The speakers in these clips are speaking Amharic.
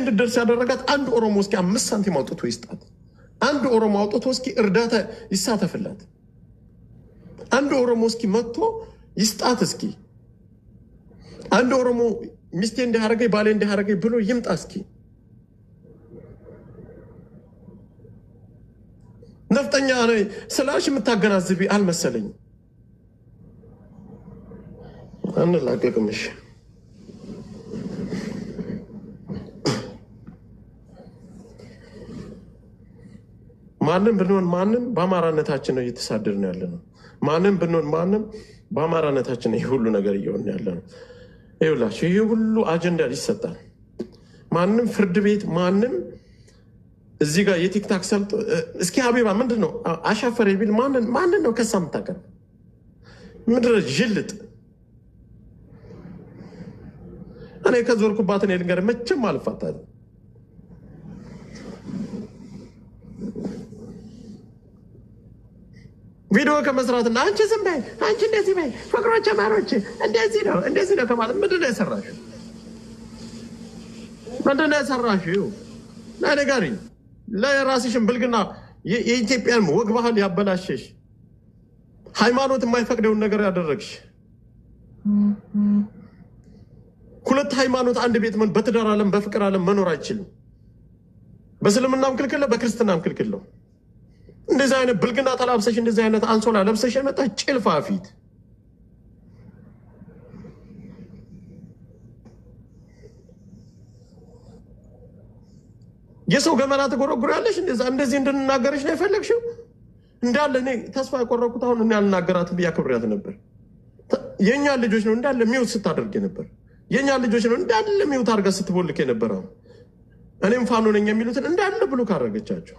እንድደርስ ያደረጋት አንድ ኦሮሞ እስኪ አምስት ሳንቲም አውጥቶ ይስጣት። አንድ ኦሮሞ አውጥቶ እስኪ እርዳታ ይሳተፍላት። አንድ ኦሮሞ እስኪ መጥቶ ይስጣት። እስኪ አንድ ኦሮሞ ሚስቴ እንዲያደረገኝ ባሌ እንዲያደረገኝ ብሎ ይምጣ እስኪ። ነፍጠኛ ስላሽ የምታገናዝቢ አልመሰለኝም። አንላቀቅምሽ ማንም ብንሆን ማንም በአማራነታችን ነው እየተሳደድ ነው ያለ ነው። ማንም ብንሆን ማንም በአማራነታችን ነው ይህ ሁሉ ነገር እየሆን ያለ ነው። ይኸውላችሁ ይህ ሁሉ አጀንዳ ይሰጣል። ማንም ፍርድ ቤት ማንም እዚህ ጋር የቲክታክ ሰልጦ እስኪ አቤባ ምንድን ነው አሻፈር የሚል ማንን ነው ከሳ ምታቀር ምድረ ዥልጥ እኔ ከዞርኩባትን የልንገር መቼም አልፋታል ቪዲዮ ከመስራትና አንቺ ዝም በይ አንቺ እንደዚህ በይ ፍቅሮች ማሮች እንደዚህ ነው እንደዚህ ነው ከማለት ምንድን ነው የሰራሽው? ምንድን ነው የሰራሽው? ንገሪኝ። ለራስሽን ብልግና የኢትዮጵያን ወግ ባህል ያበላሸሽ ሃይማኖት የማይፈቅደውን ነገር ያደረግሽ ሁለት ሃይማኖት አንድ ቤት ምን በትዳር አለም በፍቅር አለም መኖር አይችልም። በእስልምናም ክልክል ነው፣ በክርስትናም ክልክል ነው። እንደዚህ አይነት ብልግና ተላብሰሽ እንደዚህ አይነት አንሶላ ለብሰሽ የመጣ ጭልፋ ፊት የሰው ገመና ተጎረጉር ያለሽ እንደዚህ እንድንናገረሽ ነው የፈለግሽው? እንዳለ እኔ ተስፋ ያቆረኩት አሁን እኔ አልናገራትም ብዬ አክብሪያት ነበር። የእኛ ልጆች ነው እንዳለ ሚውት ስታደርግ ነበር። የእኛ ልጆች ነው እንዳለ ሚውት አድርጋ ስትቦልክ የነበረ እኔም ፋኖ ነኝ የሚሉትን እንዳለ ብሎ ካረገቻቸው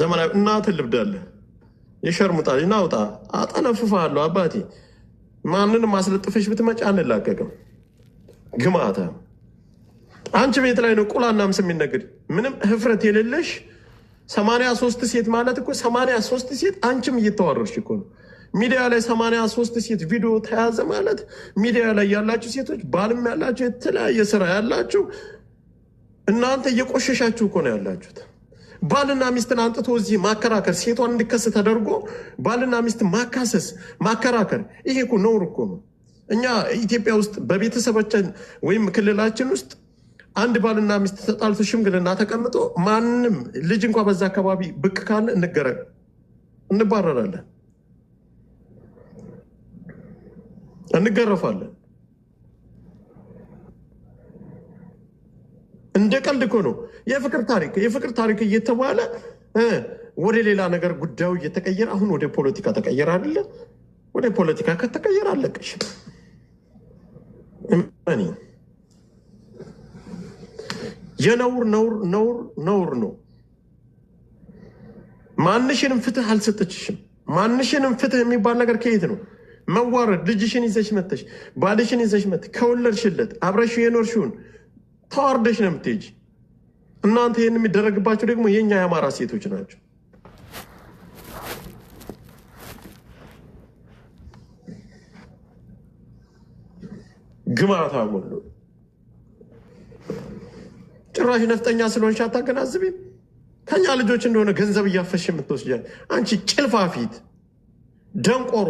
ዘመናዊ እናት ልብዳለህ የሸርሙጣ ና አውጣ አጠለፍፋለሁ። አባቴ ማንንም አስለጥፈሽ ብትመጪ አንላቀቅም። ግማተ አንቺ ቤት ላይ ነው ቁላና ምስ የሚነግድ ምንም ህፍረት የሌለሽ ሰማንያ ሶስት ሴት ማለት እኮ ሰማንያ ሶስት ሴት አንቺም እየተዋረርሽ እኮ ነው። ሚዲያ ላይ ሰማንያ ሶስት ሴት ቪዲዮ ተያዘ ማለት ሚዲያ ላይ ያላችሁ ሴቶች ባልም ያላችሁ የተለያየ ስራ ያላችሁ እናንተ እየቆሸሻችሁ እኮ ነው ያላችሁት። ባልና ሚስትን አንጥቶ እዚህ ማከራከር ሴቷን እንድከስ ተደርጎ ባልና ሚስት ማካሰስ ማከራከር፣ ይሄ እኮ ነውር እኮ ነው። እኛ ኢትዮጵያ ውስጥ በቤተሰባችን ወይም ክልላችን ውስጥ አንድ ባልና ሚስት ተጣልቶ ሽምግልና ተቀምጦ ማንም ልጅ እንኳ በዛ አካባቢ ብቅ ካለ እንገረ እንባረራለን፣ እንገረፋለን። እንደ ቀልድ እኮ ነው። የፍቅር ታሪክ የፍቅር ታሪክ እየተባለ ወደ ሌላ ነገር ጉዳዩ እየተቀየረ አሁን ወደ ፖለቲካ ተቀየረ አለ። ወደ ፖለቲካ ከተቀየረ አለቀሽ። የነውር ነውር ነውር ነውር ነው። ማንሽንም ፍትህ አልሰጠችሽም። ማንሽንም ፍትህ የሚባል ነገር ከየት ነው? መዋረድ ልጅሽን ይዘሽ መተሽ፣ ባልሽን ይዘሽ መተሽ፣ ከወለድሽለት አብረሽ የኖርሽውን ተዋርደሽ ነው የምትሄጂ። እናንተ ይህን የሚደረግባቸው ደግሞ የእኛ የአማራ ሴቶች ናቸው። ግማታ ሁሉ ጭራሽ ነፍጠኛ ስለሆንሽ አታገናዝቤም። ከኛ ልጆች እንደሆነ ገንዘብ እያፈሽ የምትወስጃል። አንቺ ጭልፋ ፊት ደንቆሮ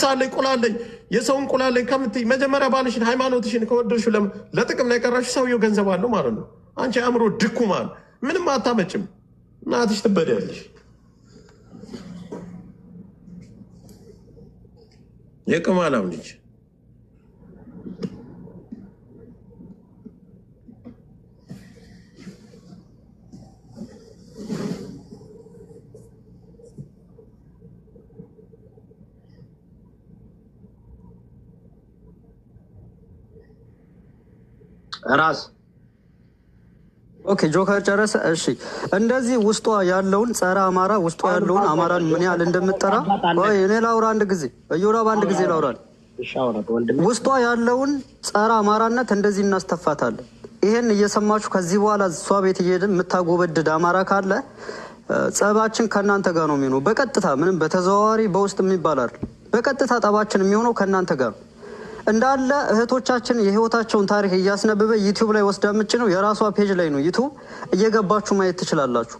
ጥብስ አለኝ ቁላ አለኝ የሰው እንቁላ አለኝ ከምትይ መጀመሪያ ባልሽን ሃይማኖትሽን ከወደድሽው ለጥቅም ላይ ቀራሽ። ሰውየው ገንዘብ አለው ማለት ነው። አንቺ አእምሮ ድኩማል፣ ምንም አታመጭም። እናትሽ ትበዳያለሽ። የቅማላም ልጅ ራስ ኦኬ ጆከር ጨረሰ። እሺ እንደዚህ ውስጧ ያለውን ጸረ አማራ ውስጧ ያለውን አማራን ምን ያህል እንደምጠራ እኔ ላውራ አንድ ጊዜ እዮራ በአንድ ጊዜ ላውራል። ውስጧ ያለውን ጸረ አማራነት እንደዚህ እናስተፋታለን። ይሄን እየሰማችሁ ከዚህ በኋላ እሷ ቤት እየሄድን የምታጎበድድ አማራ ካለ ጸባችን ከእናንተ ጋር ነው የሚሆነው። በቀጥታ ምንም በተዘዋዋሪ በውስጥ የሚባል አይደል። በቀጥታ ጠባችን የሚሆነው ከእናንተ ጋር ነው። እንዳለ እህቶቻችን የህይወታቸውን ታሪክ እያስነበበ ዩቲዩብ ላይ ወስዳ ምጭ ነው የራሷ ፔጅ ላይ ነው ዩቱብ እየገባችሁ ማየት ትችላላችሁ።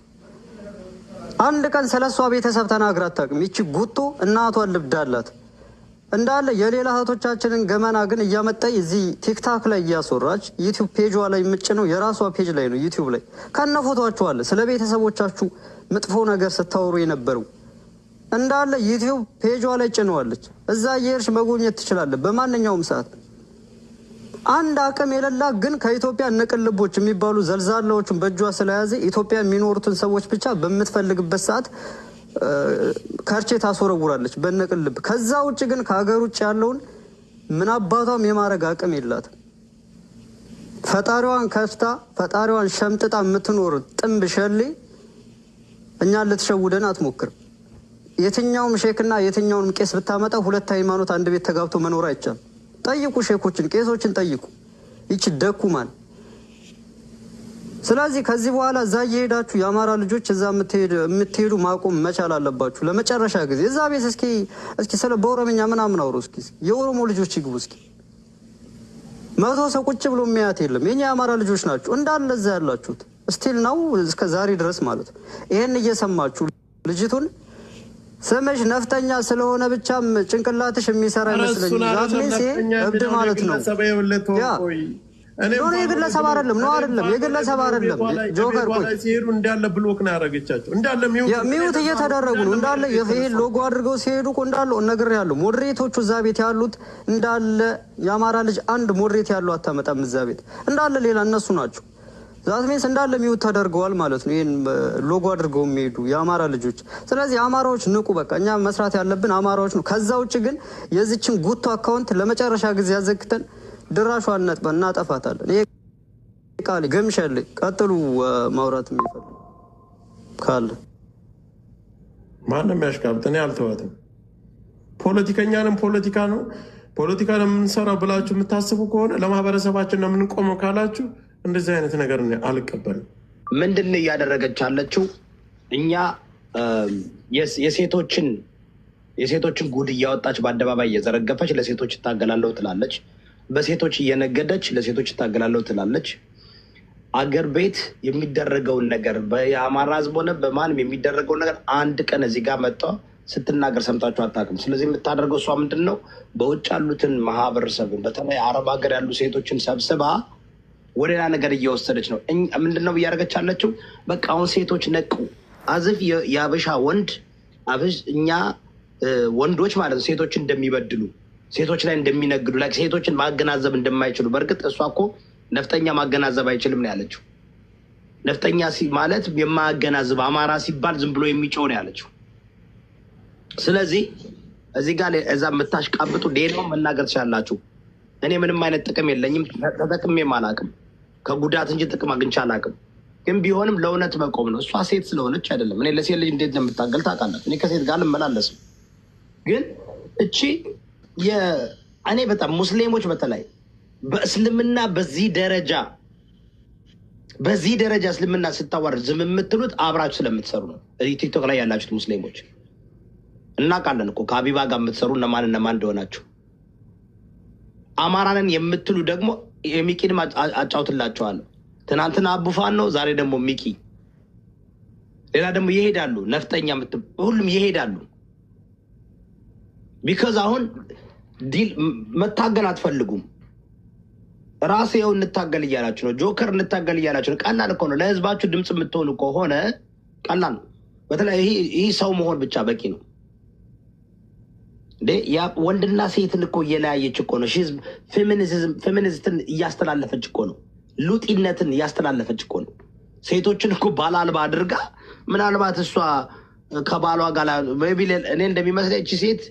አንድ ቀን ስለሷ ቤተሰብ ተናግራ አታውቅም። ይቺ ጉጦ እናቷን ልብዳላት እንዳለ የሌላ እህቶቻችንን ገመና ግን እያመጣኝ እዚህ ቲክታክ ላይ እያስወራች ዩቲዩብ ፔጇ ላይ ምጭ ነው የራሷ ፔጅ ላይ ነው ዩቲዩብ ላይ ከነፎቷችኋለ ስለ ቤተሰቦቻችሁ መጥፎ ነገር ስታወሩ የነበረው እንዳለ ዩቲዩብ ፔጇ ላይ ጭነዋለች። እዛ የሄድሽ መጎብኘት ትችላለህ በማንኛውም ሰዓት። አንድ አቅም የሌላ ግን ከኢትዮጵያ ንቅልቦች የሚባሉ ዘልዛላዎችን በእጇ ስለያዘ ኢትዮጵያ የሚኖሩትን ሰዎች ብቻ በምትፈልግበት ሰዓት ከርቼ ታስወረውራለች በንቅልብ። ከዛ ውጭ ግን ከሀገር ውጭ ያለውን ምን አባቷም የማድረግ አቅም የላት ፈጣሪዋን ከፍታ ፈጣሪዋን ሸምጥጣ የምትኖር ጥንብ ሸሌ እኛን ልትሸውደን አትሞክርም። የትኛውም ሼክና የትኛውንም ቄስ ብታመጣው ሁለት ሃይማኖት አንድ ቤት ተጋብቶ መኖር አይቻል። ጠይቁ፣ ሼኮችን ቄሶችን ጠይቁ። ደኩ ደኩማን። ስለዚህ ከዚህ በኋላ እዛ እየሄዳችሁ የአማራ ልጆች እዛ የምትሄዱ ማቆም መቻል አለባችሁ። ለመጨረሻ ጊዜ እዛ ቤት እስኪ እስኪ ስለ በኦሮምኛ ምናምን አውሩ እስኪ የኦሮሞ ልጆች ይግቡ እስኪ መቶ ሰው ቁጭ ብሎ የሚያት የለም። የኛ የአማራ ልጆች ናችሁ እንዳለ እዛ ያላችሁት ስቲል ነው እስከ ዛሬ ድረስ ማለት ነው። ይህን እየሰማችሁ ልጅቱን ስምሽ ነፍጠኛ ስለሆነ ብቻም ጭንቅላትሽ የሚሰራ ይመስለኝ። እብድ ማለት ነው። የግለሰብ አይደለም ነው አይደለም፣ የግለሰብ አይደለም። ጆከር ሲሄዱ እንዳለ ብሎክ ነው ያደረገቻቸው። እንዳለ እየተደረጉ ነው። እንዳለ ይሄን ሎጎ አድርገው ሲሄዱ እኮ እንዳለ እነግርሃለሁ። ሞዴሬቶቹ እዛ ቤት ያሉት እንዳለ የአማራ ልጅ አንድ ሞዴሬት ያለው አታመጣም እዛ ቤት እንዳለ ሌላ እነሱ ናቸው። ዛት ሚንስ እንዳለ ሚውት ተደርገዋል ማለት ነው። ይህን ሎጎ አድርገው የሚሄዱ የአማራ ልጆች። ስለዚህ አማራዎች ንቁ፣ በቃ እኛ መስራት ያለብን አማራዎች ነው። ከዛ ውጭ ግን የዚችን ጉቶ አካውንት ለመጨረሻ ጊዜ ያዘግተን ድራሹ አነጥበን እናጠፋታለን። ይሄ ቃል ገምሻል። ቀጥሉ ማውራት የሚፈል ካለ ማንም ያሽቃብጥ። እኔ አልተዋትም። ፖለቲከኛንም ፖለቲካ ነው ፖለቲካ የምንሰራው ብላችሁ የምታስቡ ከሆነ ለማህበረሰባችን የምንቆመው ካላችሁ እንደዚህ አይነት ነገር አልቀበልም። ምንድን እያደረገች አለችው እኛ የሴቶችን የሴቶችን ጉድ እያወጣች በአደባባይ እየዘረገፈች ለሴቶች እታገላለሁ ትላለች። በሴቶች እየነገደች ለሴቶች እታገላለሁ ትላለች። አገር ቤት የሚደረገውን ነገር የአማራ ሕዝብ ሆነ በማንም የሚደረገውን ነገር አንድ ቀን እዚህ ጋር መጣ ስትናገር ሰምታችሁ አታውቅም። ስለዚህ የምታደርገው እሷ ምንድን ነው በውጭ ያሉትን ማህበረሰብን በተለይ አረብ ሀገር ያሉ ሴቶችን ሰብስባ ወደ ሌላ ነገር እየወሰደች ነው። ምንድን ነው እያደረገች ያለችው በቃ አሁን ሴቶች ነቁ። አዝፍ የአበሻ ወንድ እኛ ወንዶች ማለት ነው ሴቶችን እንደሚበድሉ ሴቶች ላይ እንደሚነግዱ ላይ ሴቶችን ማገናዘብ እንደማይችሉ። በእርግጥ እሷ እኮ ነፍጠኛ ማገናዘብ አይችልም ነው ያለችው። ነፍጠኛ ማለት የማያገናዝብ አማራ ሲባል ዝም ብሎ የሚጮህ ነው ያለችው። ስለዚህ እዚህ ጋር እዛ የምታሽቃብጡ ሌላው መናገር ትችላላችሁ። እኔ ምንም አይነት ጥቅም የለኝም፣ ተጠቅሜም አላውቅም። ከጉዳት እንጂ ጥቅም አግኝቼ አላውቅም። ግን ቢሆንም ለእውነት መቆም ነው። እሷ ሴት ስለሆነች አይደለም። እኔ ለሴት ልጅ እንዴት እንደምታገል ታውቃላት። እኔ ከሴት ጋር ልመላለስም። ግን እቺ እኔ በጣም ሙስሊሞች በተለይ በእስልምና በዚህ ደረጃ በዚህ ደረጃ እስልምና ስታዋርድ ዝም የምትሉት አብራችሁ ስለምትሰሩ ነው። ቲክቶክ ላይ ያላችሁት ሙስሊሞች እናውቃለን እኮ ከአቢባ ጋር የምትሰሩ እነማን እነማን እንደሆናችሁ አማራንን የምትሉ ደግሞ የሚቂንም አጫውትላቸዋለሁ። ትናንትና አቡፋን ነው፣ ዛሬ ደግሞ ሚቂ። ሌላ ደግሞ ይሄዳሉ፣ ነፍጠኛ ሁሉም ይሄዳሉ። ቢከዝ አሁን ዲል መታገል አትፈልጉም። ራሴ ው እንታገል እያላችሁ ነው። ጆከር እንታገል እያላችሁ ነው። ቀላል እኮ ነው። ለህዝባችሁ ድምፅ የምትሆኑ ከሆነ ቀላል ነው። በተለይ ይህ ሰው መሆን ብቻ በቂ ነው። ወንድና ሴትን እኮ እየለያየች እኮ ነው። ፌሚኒስትን እያስተላለፈች እኮ ነው። ሉጢነትን እያስተላለፈች እኮ ነው። ሴቶችን እኮ ባል አልባ አድርጋ ምናልባት እሷ ከባሏ ጋር እኔ እንደሚመስለኝ እቺ ሴት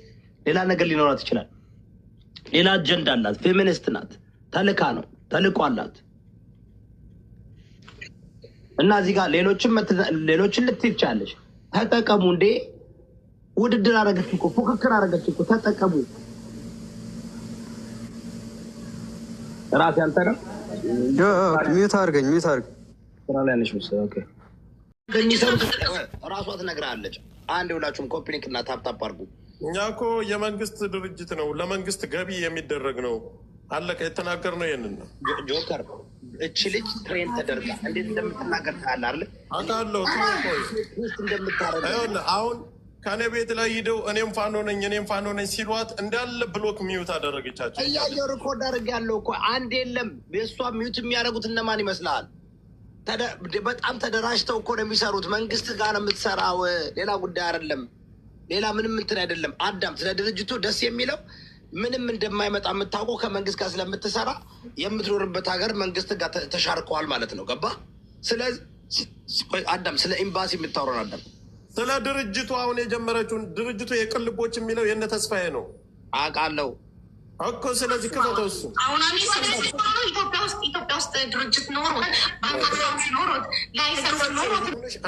ሌላ ነገር ሊኖራት ይችላል። ሌላ አጀንዳ አላት። ፌሚኒስት ናት። ተልካ ነው ተልቆ አላት እና እዚህ ጋር ሌሎችን ልትይቻለች። ተጠቀሙ እንዴ ውድድር አረገች እኮ ፉክክር አረገች እኮ ተጠቀሙ። ራሴ አንተ ነው ሚዩት አድርገኝ፣ ሚዩት አድርገኝ። ስራ ላይ ነሽ መሰለኝ። ራሷ ትነግራለች። አንድ የሁላችሁም ኮፒ ሊንክ እና ታፕታፕ አድርጉ። እኛ እኮ የመንግስት ድርጅት ነው፣ ለመንግስት ገቢ የሚደረግ ነው። አለቀ። የተናገር ነው ይህንን ነው። ጆከር እቺ ልጅ ትሬን ተደርጋ እንዴት እንደምትናገር ታያለህ አይደል? አውቃለሁ። አሁን ከእኔ ቤት ላይ ሂደው እኔም ፋኖ ነኝ እኔም ፋኖ ነኝ ሲሏት እንዳለ ብሎክ ሚዩት አደረገቻቸው። እያየ ሪኮርድ ያለው እኮ አንድ የለም። የእሷ ሚዩት የሚያደርጉት እነማን ይመስላል? በጣም ተደራጅተው እኮ ነው የሚሰሩት። መንግስት ጋር ነው የምትሰራው። ሌላ ጉዳይ አይደለም። ሌላ ምንም እንትን አይደለም። አዳም ስለ ድርጅቱ ደስ የሚለው ምንም እንደማይመጣ የምታውቀው ከመንግስት ጋር ስለምትሰራ የምትኖርበት ሀገር መንግስት ጋር ተሻርከዋል ማለት ነው። ገባ? ስለ አዳም ስለ ኤምባሲ የምታወራን አዳም ስለ ድርጅቱ አሁን የጀመረችውን ድርጅቱ የቅልቦች የሚለው የነ ተስፋዬ ነው አውቃለሁ እኮ። ስለዚህ ክፈተው እሱ አሁን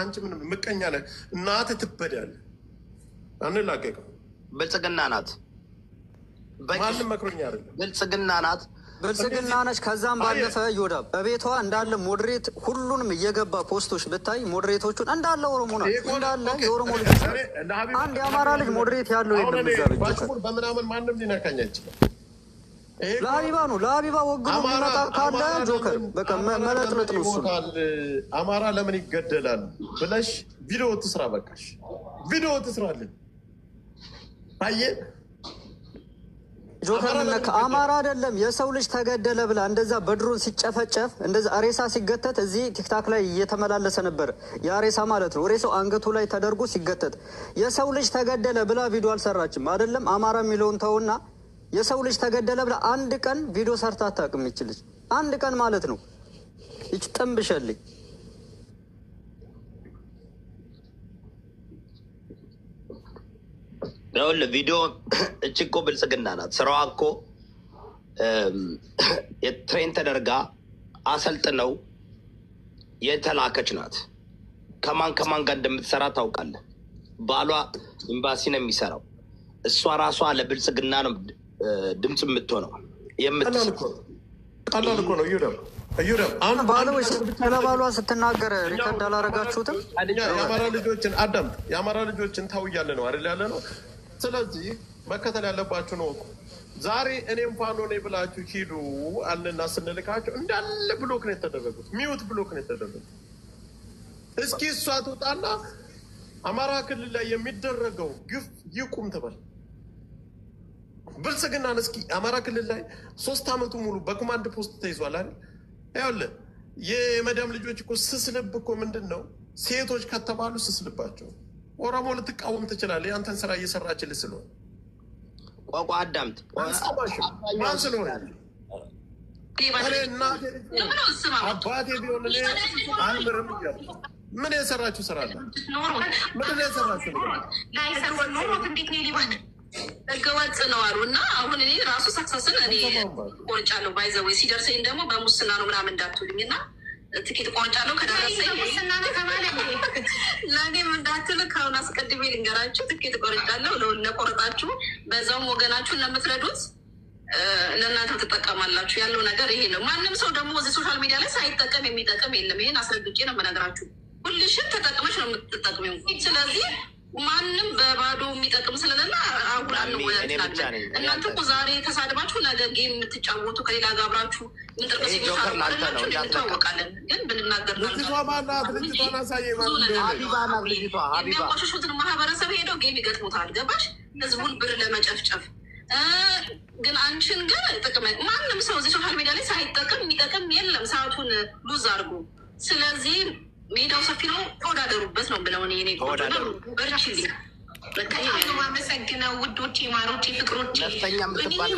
አንቺ ምንም ምቀኛ ነህ። እናትህ ትበዳለህ። አንላቀቅም። ብልጽግና ናት፣ ማንም መክሮኛ አይደለም። ብልጽግና ናት። ብልጽግና ነች። ከዛም ባለፈ ይወዳ በቤቷ እንዳለ ሞድሬት ሁሉንም እየገባ ፖስቶች ብታይ ሞድሬቶቹን እንዳለ ኦሮሞ ናት፣ እንዳለ የኦሮሞ ልጅ አንድ የአማራ ልጅ ሞድሬት ያለው የለም። በምናምን ማንም ሊነካኝ አይችልም። ለአቢባ ነው ለአቢባ ወግኖ የሚመጣ ካለ ጆከር በቃ መለጥለጥ ነው። እሱን አማራ ለምን ይገደላል ብለሽ ቪዲዮ ትስራ፣ በቃሽ ቪዲዮ ትስራለን አየ ጆከር ምነካ አማራ አይደለም የሰው ልጅ ተገደለ ብላ እንደዛ በድሮን ሲጨፈጨፍ እንደዛ ሬሳ ሲገተት እዚህ ቲክታክ ላይ እየተመላለሰ ነበር። ያ ሬሳ ማለት ነው። ሬሳው አንገቱ ላይ ተደርጎ ሲገተት የሰው ልጅ ተገደለ ብላ ቪዲዮ አልሰራችም አይደለም። አማራ የሚለውን ተውና የሰው ልጅ ተገደለ ብላ አንድ ቀን ቪዲዮ ሰርታ አታውቅም። ይችልች አንድ ቀን ማለት ነው። ይች ጥንብሸልኝ ይኸውልህ ቪዲዮ እች እኮ ብልጽግና ናት። ስራዋ እኮ የትሬን ተደርጋ አሰልጥነው የተላከች ናት። ከማን ከማን ጋር እንደምትሰራ ታውቃለህ። ባሏ ኤምባሲ ነው የሚሰራው። እሷ ራሷ ለብልጽግና ነው ድምፅ የምትሆነው። ቀላል እኮ ነው። እዩደም አሁን ባሏ ስትናገር ሪከርድ አላረጋችሁትም? የአማራ ልጆችን አዳምጥ፣ የአማራ ልጆችን ታውያለ ነው አይደል ያለ ነው ስለዚህ መከተል ነው ወቁ። ዛሬ እኔም ፋኖ ብላችሁ ሂዱ አለና ስንልካቸው እንዳለ ብሎክ ነው የተደረጉት፣ ሚዩት ብሎክ ነው የተደረጉት። እስኪ እሷ ትውጣና አማራ ክልል ላይ የሚደረገው ግፍ ይቁም ትበል። ብልጽግናን እስኪ አማራ ክልል ላይ ሶስት አመቱ ሙሉ በኮማንድ ፖስት ተይዟል አይደል? ይኸውልህ የመዳም ልጆች እኮ ስስ ልብ እኮ ምንድን ነው ሴቶች ከተባሉ ስስ ልባቸው ኦሮሞ ልትቃወም ትችላለህ። የአንተን ስራ እየሰራችልህ ስለሆነ ቋቋ አዳምጥ ማን ስለሆነ አባቴ ቢሆን እኔ አንምርም እያሉ ምን የሰራችሁ ስራ አለ? ምን የሰራችሁ ህገወጥ ነው አሉ እና አሁን እኔ ራሱ ሳክሰስን እኔ ቆርጫለሁ። ባይዘወይ ሲደርሰኝ ደግሞ በሙስና ነው ምናምን እንዳትሉኝ እና ትኬት ቆርጫለሁ ከደረሰኝ ለእኔም እንዳትል ከአሁን አስቀድሜ ልንገራችሁ፣ ትኬት ቆርጫለሁ። ለቆረጣችሁ በዛውም ወገናችሁን ለምትረዱት ለእናንተ ትጠቀማላችሁ። ያለው ነገር ይሄ ነው። ማንም ሰው ደግሞ እዚህ ሶሻል ሚዲያ ላይ ሳይጠቀም የሚጠቅም የለም። ይሄን አስረግጬ ነው የምነግራችሁ። ሁልሽን ተጠቅመች ነው የምትጠቅሚው። ስለዚህ ማንም በባዶ የሚጠቅም ስለሌለ አሁን አንወያለን። እናንተ እኮ ዛሬ ተሳድባችሁ ነገ ጌም የምትጫወቱ ከሌላ ጋር አብራችሁ ምንጥርቅስ ማህበረሰብ ሄደው ጌም ይገጥሙታል። ገባሽ? ህዝቡን ብር ለመጨፍጨፍ ግን አንቺን ግን ጥቅመ ማንም ሰው እዚህ ሶሻል ሚዲያ ላይ ሳይጠቅም የሚጠቅም የለም። ሰዓቱን ሉዝ አድርጎ ስለዚህ ሜዳው ሰፊ ነው። ተወዳደሩበት ነው ብለውን ኔ ተወዳደሩ በቃ የማመሰግነው ውዶቼ፣ ማሮቼ፣ ፍቅሮቼ ነፍጠኛ ምትባል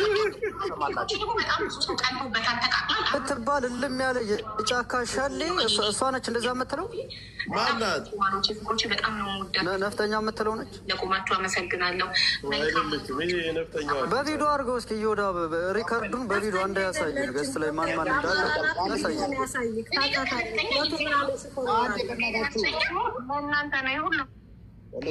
በጣም ቀልቦበታል። ተቃቅሏል እልም ያለ የጫካ ሻሌ እሷ ነች። እንደዛ የምትለው ማናት? ነፍጠኛ የምትለው ነች። ለቆማችሁ አመሰግናለሁ። በቪዲዮ አድርገው እስኪ እየወዳ ሪከርዱን በቪዲዮ አንድ ያሳይ ገስ ላይ ማን ማን እንዳለ ያሳይ። እናንተ ነው ሁሉ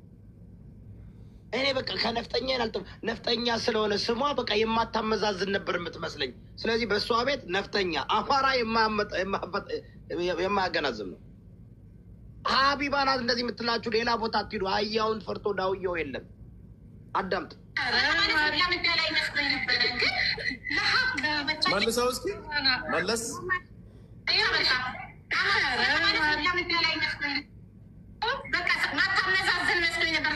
እኔ በቃ ከነፍጠኛ ነፍጠኛ ስለሆነ ስሟ በቃ የማታመዛዝን ነበር የምትመስለኝ። ስለዚህ በእሷ ቤት ነፍጠኛ አማራ የማያገናዝብ ነው። ሀቢባ ናት እንደዚህ የምትላችሁ። ሌላ ቦታ አትሂዱ። አያውን ፈርቶ ዳውየው የለም። አዳምጥ መልሰው እስኪ መለስ ማታመዛዝን መስሎኝ ነበር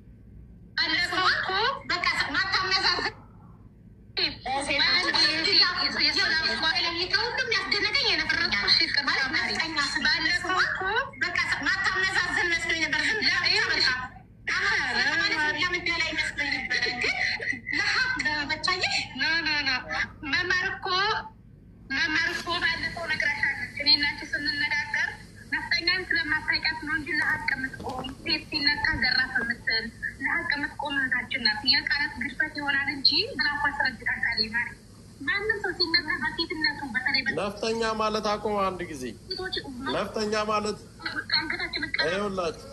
ማለት አቁም። አንድ ጊዜ ነፍጠኛ ማለት ይኸውላችሁ፣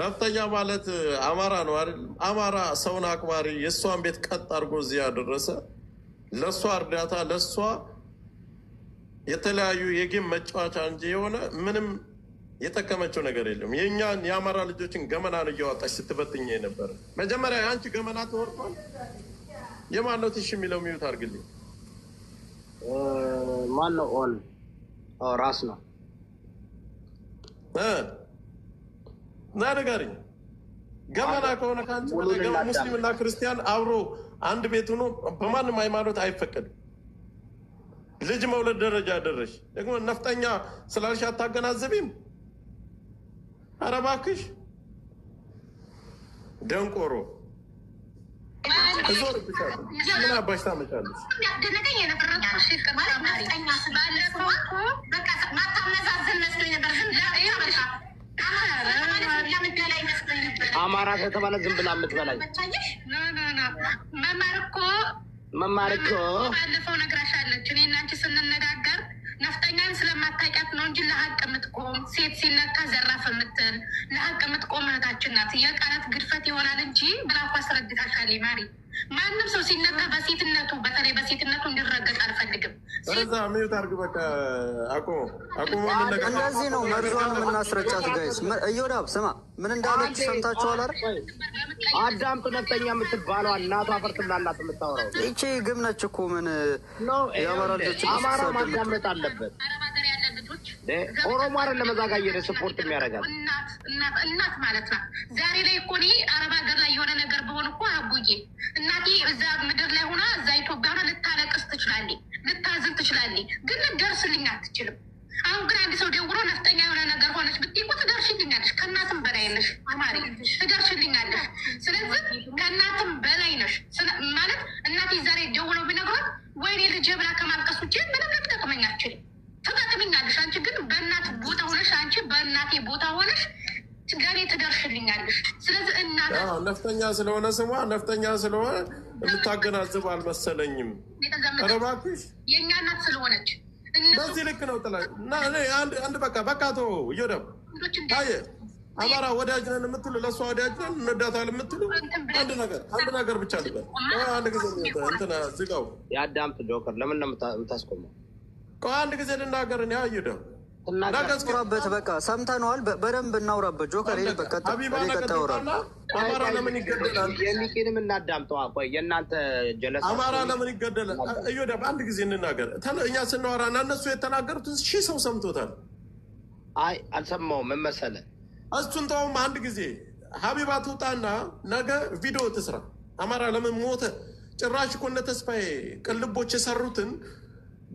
ነፍጠኛ ማለት አማራ ነው አይደል? አማራ ሰውን አክባሪ፣ የእሷን ቤት ቀጥ አድርጎ እዚህ ያደረሰ ለእሷ እርዳታ ለእሷ የተለያዩ የጌም መጫወቻ እንጂ የሆነ ምንም የጠቀመችው ነገር የለም። የእኛን የአማራ ልጆችን ገመና ነው እያወጣች ስትበትኝ የነበረ። መጀመሪያ የአንቺ ገመና ተወርቷል። የማን ነው ትሽ የሚለው ሚዩት አድርግልኝ ማን ነው? ኦን ራስ ነው። ና ንገረኝ። ገመና ከሆነ ከአንቺ ሙስሊምና ክርስቲያን አብሮ አንድ ቤት ሆኖ በማንም ሃይማኖት አይፈቀድም። ልጅ መውለድ ደረጃ ደረሽ። ደግሞ ነፍጠኛ ስላልሽ አታገናዘቢም። አረ እባክሽ ደንቆሮ አማራ ከተባለ ዝም ብላ የምትበላኝ መማር እኮ መማር እኮ ባለፈው ነግራሻለች። እኔ እና አንቺ ስንነጋገር ነፍጠኛን ስለማታውቂያት ነው እንጂ ለሀቅ የምትቆም ሴት ሲነካ ዘራፍ የምትል ለሀቅ የምትቆም እህታችን ናት። የቃላት ግድፈት ይሆናል እንጂ ብላኩ አስረድታሻል። ማሪ ማንም ሰው ሲነካ በሴትነቱ በተለይ በሴትነቱ እንዲረገጥ አልፈልግም። እዛ ሚዩት አድርግ በቃ አቁሞ እንደዚህ ነው መርዟን የምናስረጫት ጋይስ። እዮዳብ ስማ ምን እንዳለች ሰምታችኋል አይደል? አዳም ጥነተኛ የምትባለው እናቷ ፈርትና እናት የምታወራው ይቺ ግም ነች እኮ ምን አማራ ማዳመጥ አለበት። ኦሮሞ አይደለም እዛ ስፖርት የሚያደርጋት እናት ማለት ነው። ዛሬ ላይ እኮ እኔ አረብ ሀገር ላይ የሆነ ነገር በሆን እኮ አጉዬ እናቴ እዛ ምድር ላይ ሆና እዛ ኢትዮጵያ ልታለቅስ ትችላለች፣ ልታዝን ትችላለች፣ ግን ልደርስልኝ አትችልም። አሁን ግን አንድ ሰው ደውሎ ነፍጠኛ የሆነ ነገር ሆነች ብትይ እኮ ትደርሽልኛለሽ። ከእናትም በላይ ነሽ ማሪ፣ ትደርሽልኛለሽ። ስለዚህ ከእናትም በላይ ነሽ ማለት እናት ዛሬ ደውለው ቢነግሯት ወይኔ ልጄ ብላ ከማልቀስ ውጭ ምንም ልትጠቅመኛችል ትጠቅምኛለሽ። አንቺ ግን በእናት ቦታ ሆነሽ አንቺ በእናቴ ቦታ ሆነሽ ገኔ ነፍጠኛ ስለሆነ ስሟ ነፍጠኛ ስለሆነ የምታገናዝብ አልመሰለኝም። እባክሽ የእኛ እናት ስለሆነች በዚህ ልክ ነው ጥላ እና አንድ በቃ በቃ ቶ እየወደብ አየ አማራ ወዳጅ ነን የምትሉ ለእሷ ወዳጅ ነን እንወዳታል የምትሉ አንድ ነገር አንድ ነገር ብቻ ልበል። አንድ ጊዜ እንትን ዝጋው። የአዳምጥ ጆከር ለምን ነው የምታስቆመው? ቆይ አንድ ጊዜ ልናገር። እኔ አዩደው እናውራበት። በቃ ሰምተነዋል። በደንብ እናውራበት ጆከር። በቃ ሀቢባ ነገር ታውራለህ አማራ ለምን ይገደላል? የሚኪንም እናዳምጠው። ቆይ የእናንተ ጀለስ አማራ ለምን ይገደላል? እዮ አንድ ጊዜ እንናገር። እኛ ስናወራ እና እነሱ የተናገሩት ሺህ ሰው ሰምቶታል። አይ አልሰማውም። ምን መሰለህ፣ እሱን ተውም። አንድ ጊዜ ሀቢባ ትውጣና ነገ ቪዲዮ ትስራ። አማራ ለምን ሞተ? ጭራሽ እኮ እነ ተስፋዬ ቅልቦች የሰሩትን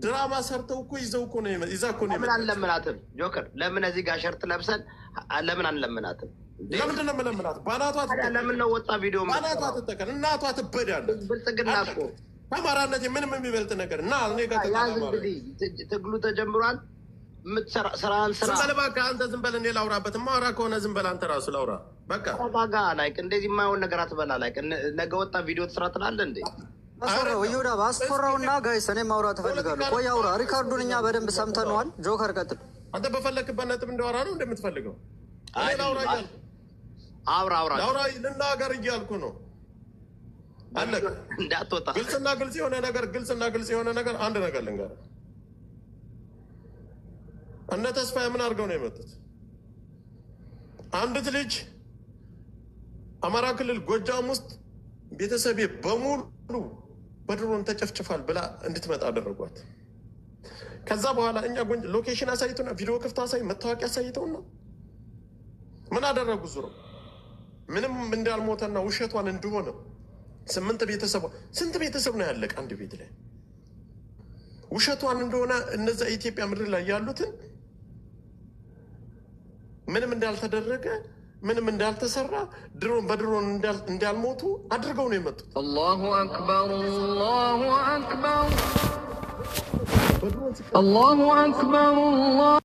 ድራማ ሰርተው እኮ ይዘው እኮ ነው ይዛ እኮ ነው። ለምን አንለምናትም? ጆከር ለምን እዚህ ጋር ሸርት ለብሰን ለምን አንለምናትም? ለምንድን ነው የምለምናት? በአናቷ ለምን ነው ወጣ ቪዲዮ በአናቷ ትተከል፣ እናቷ ትበዳለ። ብልጽግና እኮ ተማራነት ምንም የሚበልጥ ነገር እና እኔ ጋር እንግዲህ ትግሉ ተጀምሯል። ምትሰራን ስራ ዝም በል እባክህ፣ አንተ ዝም በል እኔ ላውራበት። ማውራ ከሆነ ዝም በል አንተ ራሱ ላውራ። በቃ ባጋ ላይክ እንደዚህ የማይሆን ነገር አትበላ። ላይክ ነገ ወጣ ቪዲዮ ትስራ ትላለህ እንዴ? ይሁዳ እና ጋይስ፣ እኔ ማውራት እፈልጋለሁ። ቆይ አውራ። ሪካርዱን እኛ በደንብ ሰምተነዋል። ጆከር ቀጥል። አንተ በፈለክበት ነጥብ እንደዋራ ነው እንደምትፈልገው እኔ ላውራ እያልኩ አውራ አውራ አውራ ልናገር እያልኩ ነው። አለቀ። እንዳትወጣ ግልጽና ግልጽ የሆነ ነገር ግልጽና ግልጽ የሆነ ነገር አንድ ነገር ልንገርህ። እነ ተስፋዬ ምን አድርገው ነው የመጡት? አንዲት ልጅ አማራ ክልል ጎጃም ውስጥ ቤተሰቤ በሙሉ በድሮን ተጨፍጭፋል ብላ እንድትመጣ አደረጓት። ከዛ በኋላ እኛ ሎኬሽን አሳይተውና ቪዲዮ ክፍት አሳይ መታወቂያ አሳይተውና ምን አደረጉ ዙረው ምንም እንዳልሞተና ውሸቷን እንደሆነ ስምንት ቤተሰብ ስንት ቤተሰብ ነው ያለቀ አንድ ቤት ላይ ውሸቷን እንደሆነ እነዛ ኢትዮጵያ ምድር ላይ ያሉትን ምንም እንዳልተደረገ ምንም እንዳልተሰራ ድሮን በድሮን እንዳልሞቱ አድርገው ነው የመጡት። አላሁ አክበር አላሁ አክበር አላሁ አክበር